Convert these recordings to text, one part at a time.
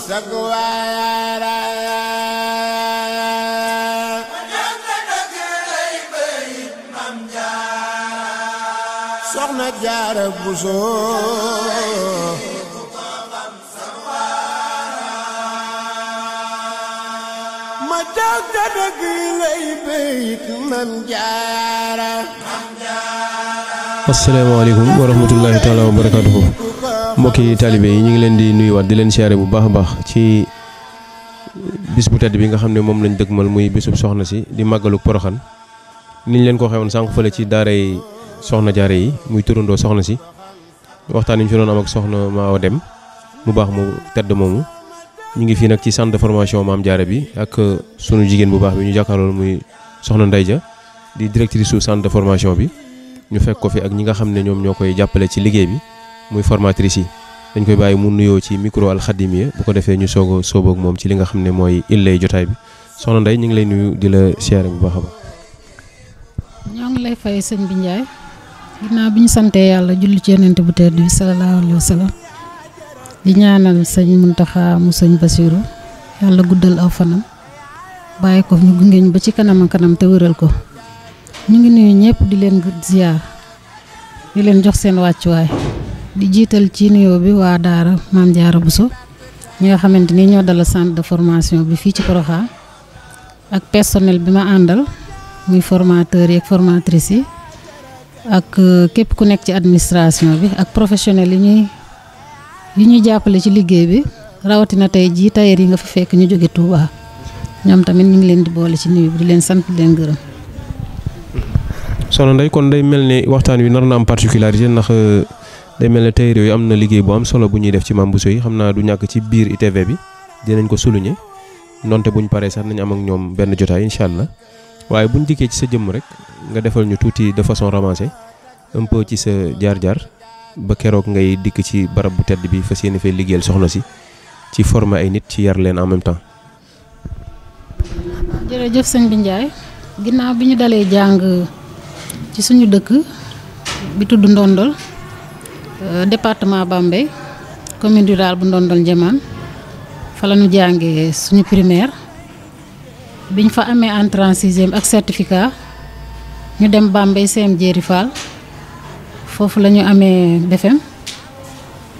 soxna jaara buso ma jànga dëgg lay béyit mam jaara asalaamaaleykum wa rahmatullahi taala wa barakatuhu mbokki talibé yi ñu ngi leen di nuyuwaat di leen bu baax baax ci bis bu tedd bi nga xamné mom dëgmal muy bisub soxna si di màggalu poroxan niñ leen ko xewon sank sànq ci daara yi soxna jaare yi muy turundo soxna si waxtaan ñu fi doon am ak soxna wa Dem mu baax mu tedd mom ñi ngi fi nak ci centre de formation maam jaare bi ak sunu jigen bu baax bi ñu jàkkaarlool muy soxna ndayja di directrice su centre de formation bi ñu fekk ko fi ak ñi nga xamné ñom ñokoy jappalé ci liggéey bi muy formatrice yi dañ koy bàyyi mu nuyoo ci micro alxadimiya bu ko defee ñu soog a moom ci li nga xam ne mooy illay jotaay bi soxna Ndeye ñu ngi lay nuyu di la siyaare bu baax ñoo ngi lay fay sëñ bi Ndiaye ginnaaw bi ñu santee yàlla julli ci yonent bu tedd bi salallaahu alayhi wa sallam di ñaanal sëñ Muntaxa mu sëñ Basiru yàlla guddal aw fanam bàyyi ko ñu gunge ba ci kanam kanam te wëral ko ñu ngi nuyu ñëpp di leen ziar di leen jox seen wàccuwaay. di jiital ci nuyoo bi wa daara maam jaara buso ñi nga xamante ni ñoo dala centre de formation bi fii ci Porokhane ak personnel bi ma àndal muy formateur yi ak formatrice yi ak képp ku nekk ci administration bi ak professionnel yi ñuy yi ñuy jàppale ci liggéey bi rawatina tey jii tailleur yi nga fa fekk ñu jóge Touba ñoom tamit ñu ngi leen di boole ci nuyu bi di leen sant di leen gërëm soxna Ndeye kon day mel ne waxtaan wi nar na am particularité ndax euh, day mel ne tey yooyu am na liggéey boo am solo bu ñuy def ci Mame Bousso yi xam naa du ñàkk ci biir ITV bi dinañ ko souligner nonte buñ paree sax nañ am ak ñoom benn jotaay incha allah waaye buñ dikkee ci sa jëmm rek nga defal ñu tuuti de façon romancée un ci sa jaar-jaar ba keroog ngay dikk ci barab bu tedd bi fas yéene fee liggéeyal soxna si ci former ay nit ci yar leen en même temps. jërëjëf bi ñu dalee jàng suñu dëkk bi tudd Eh, département Bambey commune rurale bu Ndondol Ndiémane fa la ñu jàngee suñu primaire biñ fa amé entrée en e ak certificat ñu dem Bambey CM Jéeri fofu lañu amé ñu e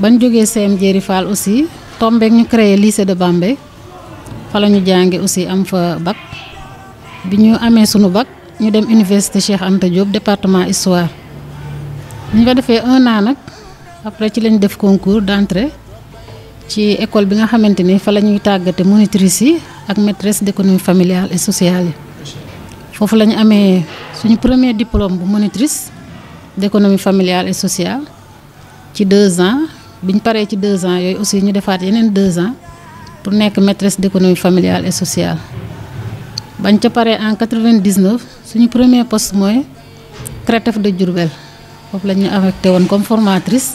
bañ CM Jéeri aussi tombé ñu créé lycée de Bambey fa la ñu jàngee aussi am fa bac biñu amé suñu bac ñu dem université Cheikh Anta Diop département histoire ñu fa défé 1 an nak après ci lañu def concours d'entrée ci école bi nga xamante ni fa la ñuy tàggate monitrices yi ak maîtresse d'économie familiale et sociale yi foofu la ñu amee suñu premier diplôme bu monitrice d'économie familiale et sociale ci deux ans biñ paree ci deux ans yooyu aussi ñu defaat yeneen deux ans pour nekk maîtresse d'économie familiale et sociale bañ ca paree en 99 suñu premier poste mooy CRETEF de Diourbel foofu la ñu affecté woon comme formatrice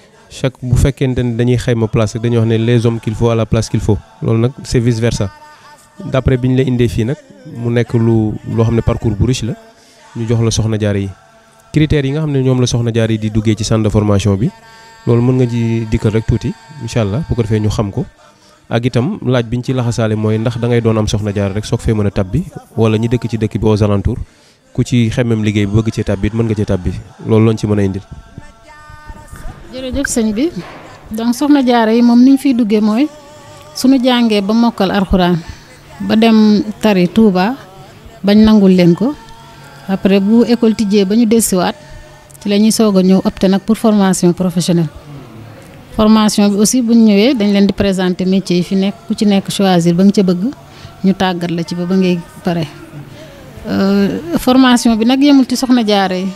chaque bu fekkente ne dañuy xayma place dañuy wax ne les hommes qu'il faut à la place qu'il faut loolu nag c'est vice versa d'après bi ñu la indee fii nag mu nekk lu loo xam ne parcours bu riche la ñu jox la soxna jaare yi critères yi nga xam ne ñoom la soxna jaare yi di duggee ci centre de formation bi loolu mën nga ci dikkal rek tuuti incha allah bu ko defee ñu xam ko ak itam laaj bi ñu ci laxasaale mooy ndax da ngay doon am soxna jaare rek soog fee mën a tabbi wala ñi dëkk ci dëkk bi aux ku ci xemmem liggéey bi bëgg cee tabbi mën nga cee tabbi loolu lañ ci mën a indil jërëjëf sëñ bi donc soxna jaara yi moom ni ñu fiy duggee mooy su suñu jàngee ba mokkal alxuraan ba dem tari Touba bañ nangul leen ko après bu école tijjee ba ñu dellusiwaat ci lañuy ñuy soog a ñëw opté nag pour formation professionnel formation bi aussi bu ñu ñëwee dañ leen di présenter métier yi fi nekk ku ci nekk choisir ba nga ca bëgg ñu tàggat la ci ba ba ngay pare euh, formation bi nag yemul ci soxna jaara yi.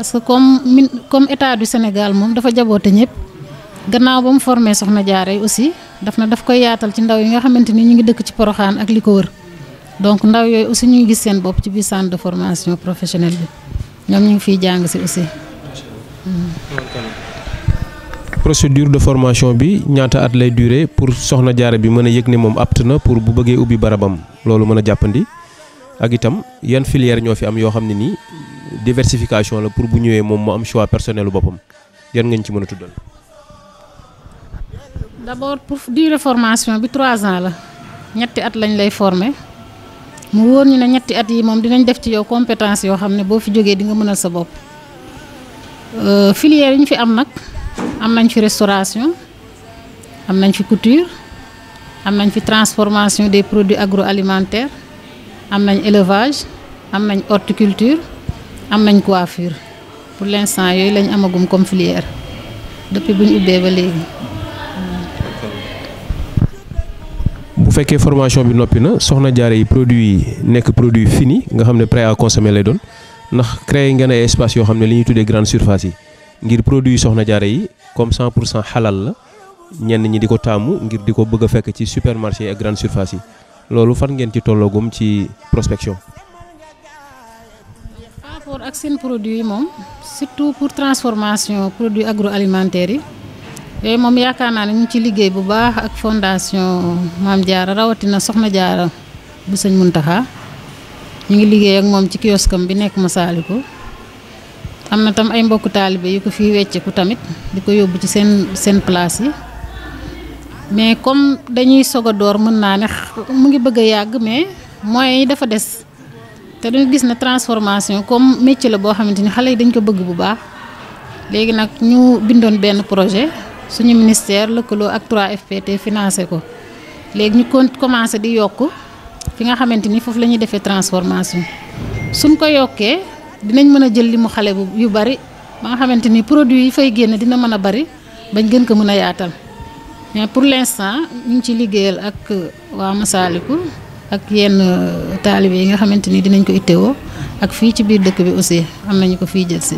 parce que comme min comme état du Sénégal moom dafa jaboote ñëpp gannaaw ba mu formé soxna jaare aussi daf na daf koy yaatal ci ndaw yi nga xamante ni ñu ngi dëkk ci poroxaan ak li wër donc ndaw yooyu aussi ñu gis seen bopp ci biir centre de formation professionnelle bi ñoom ñu ngi fiy si aussi. Hmm. procédure de formation bi ñaata at lay durer pour soxna jaare bi mën a yëg ne na pour bu barabam loolu mana a Agitam, ak itam yan filière ñoo fi am yoham xam diversification la pour bu ñëwé mom mo am choix personnel lu boppam yan nga ci mëna tuddal. d'abord pour durée formation bi 3 ans la ñetti at lañ lay former mu woor ñu ne ñetti at yi mom dinañ def ci yow compétences yo xamné bo fi joggé di nga mëna sa bop euh filière ñu fi am nak am nañ fi restauration am nañ fi couture am nañ fi transformation des produits agroalimentaires am nañ élevage am nañ horticulture. am nañ coiffure pour l' yoy yooyu lañ amagum comme filière depuis bu ñu ubbee ba léegi. bu formation bi noppi na soxna produit yi produit fini nga xam ne prêt à consommer lay doon ndax créé ngeen ay espace yoo xam ne li ñuy grande surface yi ngir produit soxna jaare yi comme 100 halal. cent nyan la ñenn ñi di ko ngir di ko bëgg a fekk ci supermarché ak grande surface yi loolu fan ngeen ci ci prospection rapport ak seen produit yi moom surtout pour transformation produit agroalimentaire yi yooyu moom yaakaar naa ne ñu ci liggéey bu baax ak fondation Maam Jaara rawatina Soxna Jaara bu sëñ Muntaxa ñu ngi liggéey ak moom ci kioskam bi nekk am na tam ay mbokk taalibe yu ko fii wecceku tamit di ko yóbbu ci seen seen place yi mais comme dañuy soog a door mën naa ne mu ngi bëgg a yàgg mais moyens yi dafa des te dañu gis ne transformation comme métier la boo xamante ni xale yi dañ ko bëgg bu baax léegi nag ñu bindoon benn projet suñu ministère lëkkaloo ak 3FPT financé ko léegi ñu kon commencé di yokk fi nga xamante ni foofu la ñuy defee transformation suñ ko yokkee dinañ mën a jël li mu xale bu yu bari ba nga xamante ni produit yi fay génn dina mën a bari bañ gën ko mën a yaatal mais pour l'instant ñu ngi ci liggéeyal ak waa Masaliku ak yenn euh, taalibe yi nga xamante ni dinañ ko ittewoo ak fii ci biir dëkk bi aussi am nañu ko fii jël si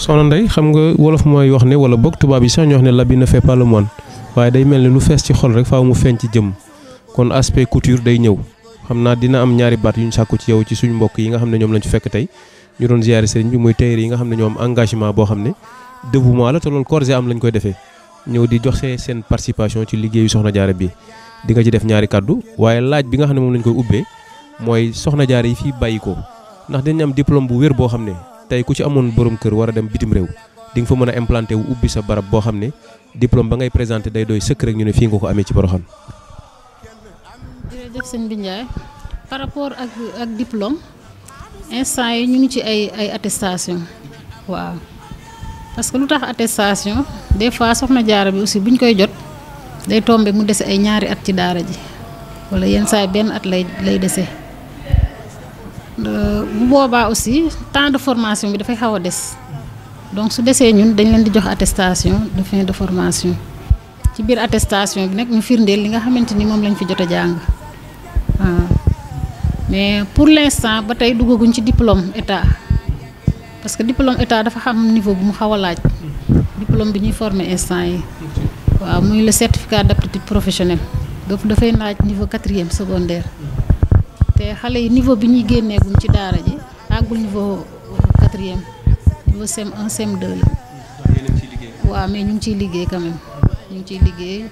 soxna Ndeye xam nga wolof mooy wax ni wala boog tubaab yi sax ñu wax ne l'habit ne fait pas le moine waaye day mel ni lu fees ci xol rek faaw mu feeñ ci jëm kon aspect couture day ñëw xam naa dina am ñaari baat yu ñu sàkku ci yow ci suñu mbokk yi nga xam ne ñoom lañ ci fekk tey ñu doon ziyaare sëriñ bi muy teyri yi nga xam ne ñoom engagement boo xam ne dévouement la te loolu corps am lañ koy defee ñew di joxe sen participation ci liggéeyu soxna jaar bi di nga ci def ñaari kaddu waye laaj bi nga xamne ne moom lañ koy ubbé moy soxna jaar yi fi bayiko ko ndax dañ ñam diplôme bu wër bo xamne tay ku ci amone borom kër wara dem bitim rew di nga fa mëna implanter wu ubbi sa barab bo xamne diplôme ba ngay présenter day doy secret ñu ne fi nga ko amé ci boroxam jërëjëf sëñ bi Ndiaye par rapport ak ak diplôme instant yi ñu ngi ci ay ay attestation waaw parce que lutax attestation des fois soxna jaar bi aussi buñ koy jot day tomber mu ay ñaari at ci daara ji wala yeen say ben at lay lay dese bu boba aussi temps de formation bi da fay xawa des donc su desee ñun dañ leen di jox attestation de fin de formation ci bir attestation bi nak ñu firndel li nga xamanteni mom lañ fi jotta jang mais pour l'instant ba ci diplôme état parce que diplôme état dafa xam niveau bu mu xaw a laaj. diplôme bi ñuy former instant yi. waaw muy le certificat d'aptitude professionnelle. donc dafay laaj niveau quatrième secondaire. te xale yi niveau bi ñuy génneegum ci daara ji àggul niveau quatrième niveau CM1 CM2 la. waaw mais ñu ngi ciy liggéey quand même ñu ngi ciy liggéey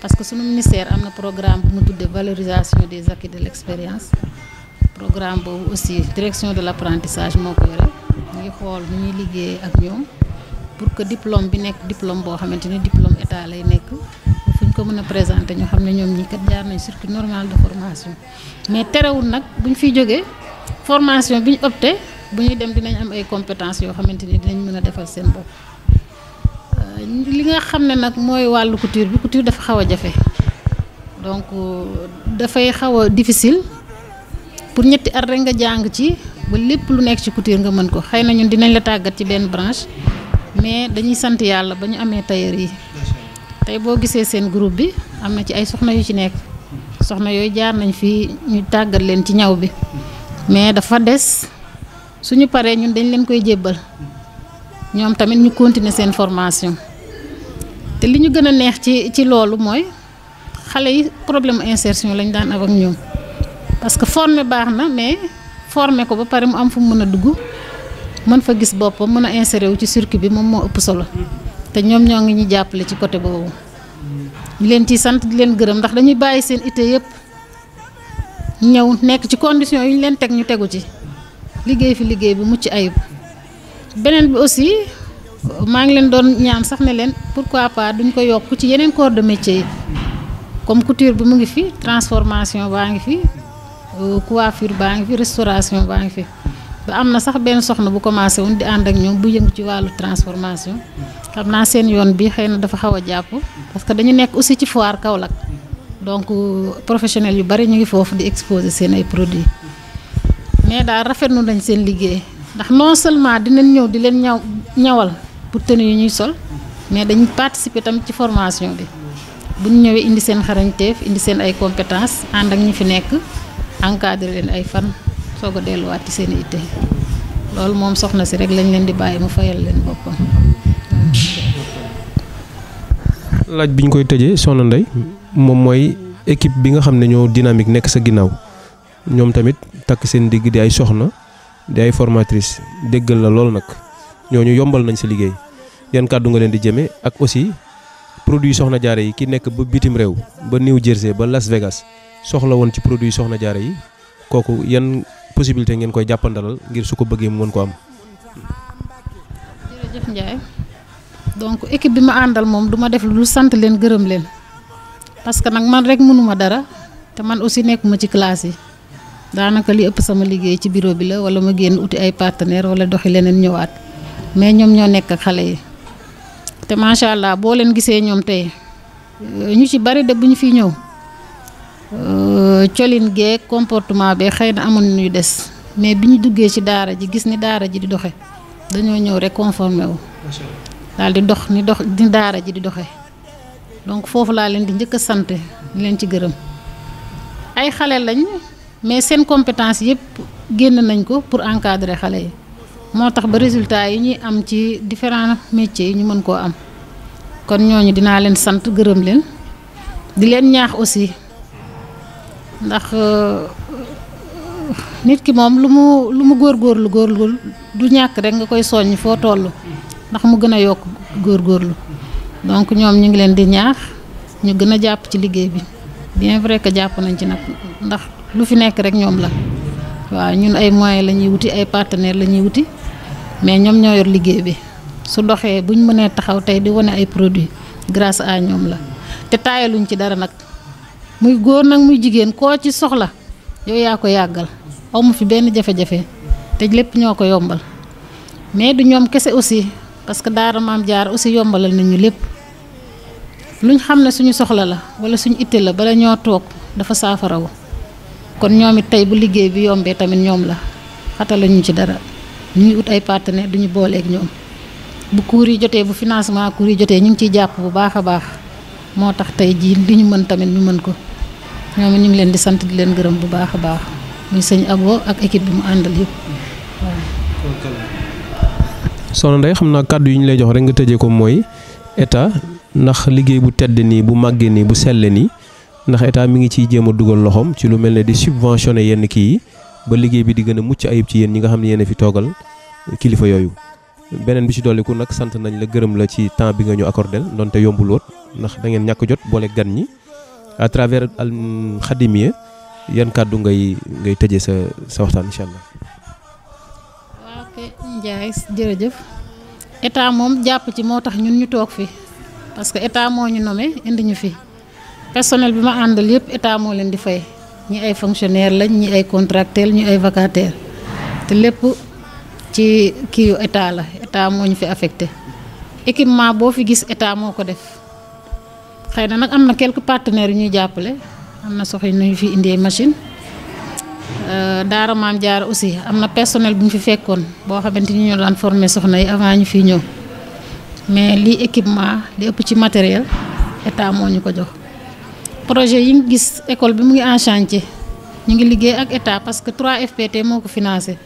parce que sunu ministère am na programme bu mu tuddee valorisation des acquis de l'expérience programme boobu aussi direction de l'apprentissage moo ko ñuy xool ñi ñuy liggéey ak ñoom pour que diplôme bi nekk diplôme boo xamante ni diplôme état lay nekk fuñ ko mën a présenter ñu xam ne ñoom ñii kat jaar nañ circuit normal de formation mais terewul nag buñ fiy jógee formation biñ opté bu ñuy dem dinañ am ay compétences yoo xamante ni dinañ mën a defal seen bopp euh, li nga xam ne nag mooy wàllu couture bi couture dafa xaw a jafe donc euh, dafay xaw a difficile pour ñetti at rek nga jàng ci ba lépp lu nekk ci couture nga mën ko xëy na ñun dinañ la tàggat ci ben branche mais dañuy sant yàlla ba ñu amee tailleur yi tey boo gisee seen groupe bi am na ci ay soxna yu ci nekk soxna yooyu jaar nañ fii ñu tàggat leen ci ñaw bi mais dafa des suñu paree ñun dañ leen koy jébbal ñoom tamit ñu continuer seen formation te li ñu neex ci ci loolu yi problème insertion lañ daan ak ñoom parce que mais former ko ba pare mu am fu mu mën a dugg mën fa gis boppam mën a insérer wu ci circuit bi moom moo ëpp solo te ñoom ñoo ngi ñu jàppale ci côté boobu ñu leen ciy sant di leen gërëm ndax dañuy bàyyi seen ité yëpp ñëw nekk ci condition yu ñu leen teg ñu tegu ci liggéey fi liggéey bi mucc ayib beneen bi aussi maa ngi leen doon ñaam sax ne leen pourquoi pas duñ ko yokk ci yeneen corps de métier yi comme couture bi mu ngi fi transformation baa ngi fi coiffure baa ngi fi restauration baa ngi fi ba amna sax ben soxna bu commencé woon di and ak ñom bu yëng ci walu transformation xamna seen yoon bi xeyna dafa xawa japp parce que dañu nekk aussi ci foire Kaolack donc professionnel yu bari ñu ngi fofu di exposer seen ay produits mais rafet nu lañ seen liggéey ndax non seulement dinañ ñëw di leen ñaw ñawal pour tenue yu ñuy sol mais dañu participer tam ci formation bi bu ñu ñëwee indi seen xarañteef indi seen ay compétences and ak ñi fi nekk encadrer len ay fan soog delu wat ci seen lol mom loolu soxna ci rek lañ len di baye mu fayal len bopam laaj biñ koy teje sonu nday mom moy équipe bi nga xamné ne ñoo dynamique nek sa ginnaw ñom tamit tak seen digg di ay soxna di ay formatrice deggal la lol nak ñooñu yombal nañ sa liggéey yan kaddu nga len di jeme ak aussi produit soxna jaare yi ki nek ba bitim rew ba New Jersey ba Las Vegas soxla won ci produit soxna jaara yi koku yeen possibilité ngeen koy jappandal ngir suko beugé mu won ko am. jërëjëf Ndiaye donc équipe bima andal mom duma def lu sante len gëreum len parce que nak man rek mënuma dara té man aussi nekkuma ci classe yi danaka li ëpp sama liggéey ci bureau bi la wala ma génn uti ay partenaire wala doxi lenen ñëwaat mais ñom ño nek ak xalé yi té machallah bo len gisé ñom tay euh, ñu ci bari de buñ fi ñëw. Euh, colin gee comportement bi xëy na amoon ñuy des mais bi ñu duggee ci daara ji gis ni daara ji di doxe dañoo ñëw rek conformé wu daal di dox ni dox ni daara ji di doxe donc foofu laa leen di njëkk a sant di leen ci gërëm ay xale lañ mais seen compétence yëpp génn nañ ko pour encadrer xale yi moo tax ba résultat yi ñuy am ci différent métiers yi ñu mën koo am kon ñooñu dinaa leen sant gërëm leen di leen ñaax aussi ndax euh, nit ki moom lu mu lu mu góorgóorlu góorgóorlu du ñàkk rek nga koy soññ foo tollu ndax mu gën a yokk góor góorlu donc ñoom ñu ngi leen di ñaax ñu gën a jàpp ci liggéey bi bien vrai que jàpp nañ ci nag ndax lu fi nekk rek ñoom la waaw ñun ay moyens la ñuy wuti ay partenaires la ñuy wuti mais ñoom ñoo yor liggéey bi su doxee bu ñu mënee taxaw tey di wane ay produits grâce à ñoom la te taayaluñ ci dara nag. muy góor nag muy jigéen koo ci soxla yow yaa ko yàggal amu fi benn jafe-jafe te lépp ñoo ko yombal mais du ñoom kese aussi parce que daara maam jaar aussi yombalal nañu lépp luñ xam ne suñu soxla la wala suñu itte la bala ñoo toog dafa saafarawu kon ñoom it tey bu liggéey bi yombee tamit ñoom la xatal ñu ci dara ñuy ut ay partenaire duñu booleek ñoom bu cours yi jotee bu financement cours yi jotee ñu ngi ciy jàpp bu baax a baax moo tax tey jii li ñu mën tamit ñu mën ko ñoom ñu ngi leen di sant di leen gërëm bu baax a baax muy sëñ abo ak équipe bi mu àndal yëpp soxna nday xam naa kàddu yi ñu lay jox rek nga tëjee ko mooy état ndax liggéey bu tedd nii bu màggee nii bu selle nii ndax état mi ngi ciy jéem a dugal loxoom ci lu mel ne di subventionné yenn kii yi ba liggéey bi di gën a mucc ayib ci yéen ñi nga xam ne yéen a fi toogal kilifa yooyu beneen bi ci dolliku nag sant nañ la gërëm la ci temps bi nga ñu accordel donte yombul woon ndax da ngeen ñàkk jot boole gan ñi à travers al xadimiya yan kàddu ngay ngay tëjee sa sa waxtaan incha allah. waaw kay jërëjëf état moom jàpp ci moo tax ñun ñu toog fi parce que état moo ñu nommé indi ñu fi personnel bi ma àndal yëpp état moo leen di fay ñi ay fonctionnaire lañ ñi ay contractuels ñi ay vacataires te lépp ci kii yu état la état moo ñu fi affecté équipement boo fi gis état moo ko def. xëy na nag am na quelque partenaires yu ñuy jàppale am na soxna ñu fi indi machine euh, daara maam jaar aussi am na personnel bu ñu fi fekkoon boo xamante ni ñu daan former soxna yi avant ñu fi ñëw mais lii équipement li ëpp ci matériel état moo ñu ko jox. projet yi ngi gis école bi mu ngi en chantier ñu ngi liggéey ak état parce que 3FPT moo ko financé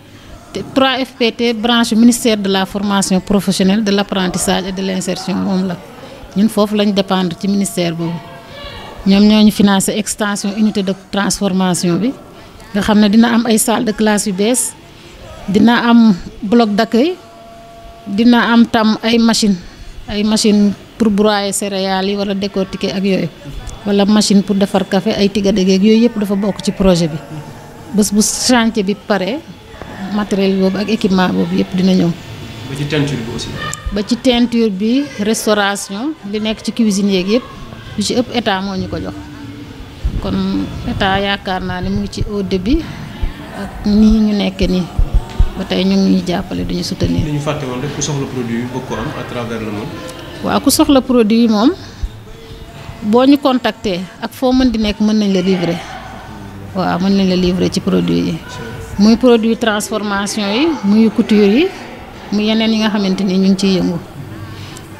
te 3FPT branche ministère de la formation professionnelle de l' apprentissage et de l' insertion moom la. ñun foofu lañ dépendre ci ministère boobu ñoom ñoo ñu financé extension unité de transformation bi nga xam ne dina am ay salle de classe yu bees dina am bloc d'accueil dina am tam ay machine ay machine pour broyer céréales yi wala décortiquer ak yooyu wala machine pour defar kafe ay tigadégeeg yooyu yëpp dafa bokk ci projet bi bés bu chantier bi pare matériel boobu ak équipement boobu yëpp dina ñëw ba ci teinture bi aussi. restauration li nekk ci cuisine yeeg yëpp lu ci ëpp état moo ñu ko jox kon état yaakaar naa ne mu ngi ci au début ak nii ñu nekk nii ba tey ñu ngi ñuy jàppale duñu soutenir. li ñu fàtte woon rek ku soxla produit yi ko soxla produit yi moom boo ñu contacter ak foo mën di nekk mën nañ la livrer waa mën nañ la livre ci produit yi. muy produit transformation yi muy couture yi. mu yeneen yi nga xamante ni ñu ngi ciy yëngu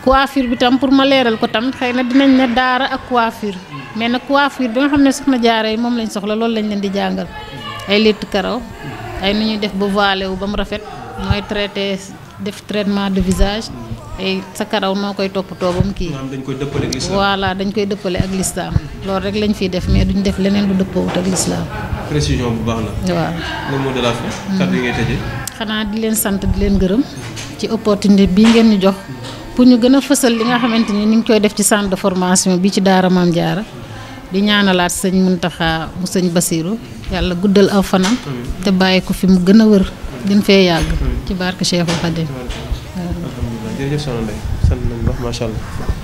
coiffure bi tam pour ma leeral ko tam xëy na dinañ ne daara ak coiffure mais nag coiffure bi nga xam ne soxna jaara yi moom lañ soxla loolu lañ leen di jàngal ay létt karaw ay nu ñuy def ba voilé wu ba mu rafet nooy traité def traitement de visage ay sa karaw noo koy toppatoo ba mu kii. dañ koy dëppale ak dañ koy dëppale ak lislaam loolu rek lañ fiy def mais duñ def leneen lu dëppoowut ak lislaam précision bu baax la. waaw la mm. xanaa di leen sant di leen gërëm ci opportunité bii ngeen ñu jox pour ñu gën a fësal li nga xamante ni ñu ngi koy def ci centre de formation bi ci Daara Maam Jaara di ñaanalaat sëñ Muntaxa mu sëñ Basiru yàlla guddal aw fanam te bàyyi ko fi mu gën a wër gën fee yàgg ci bark Cheikhul Khadim jërëjëf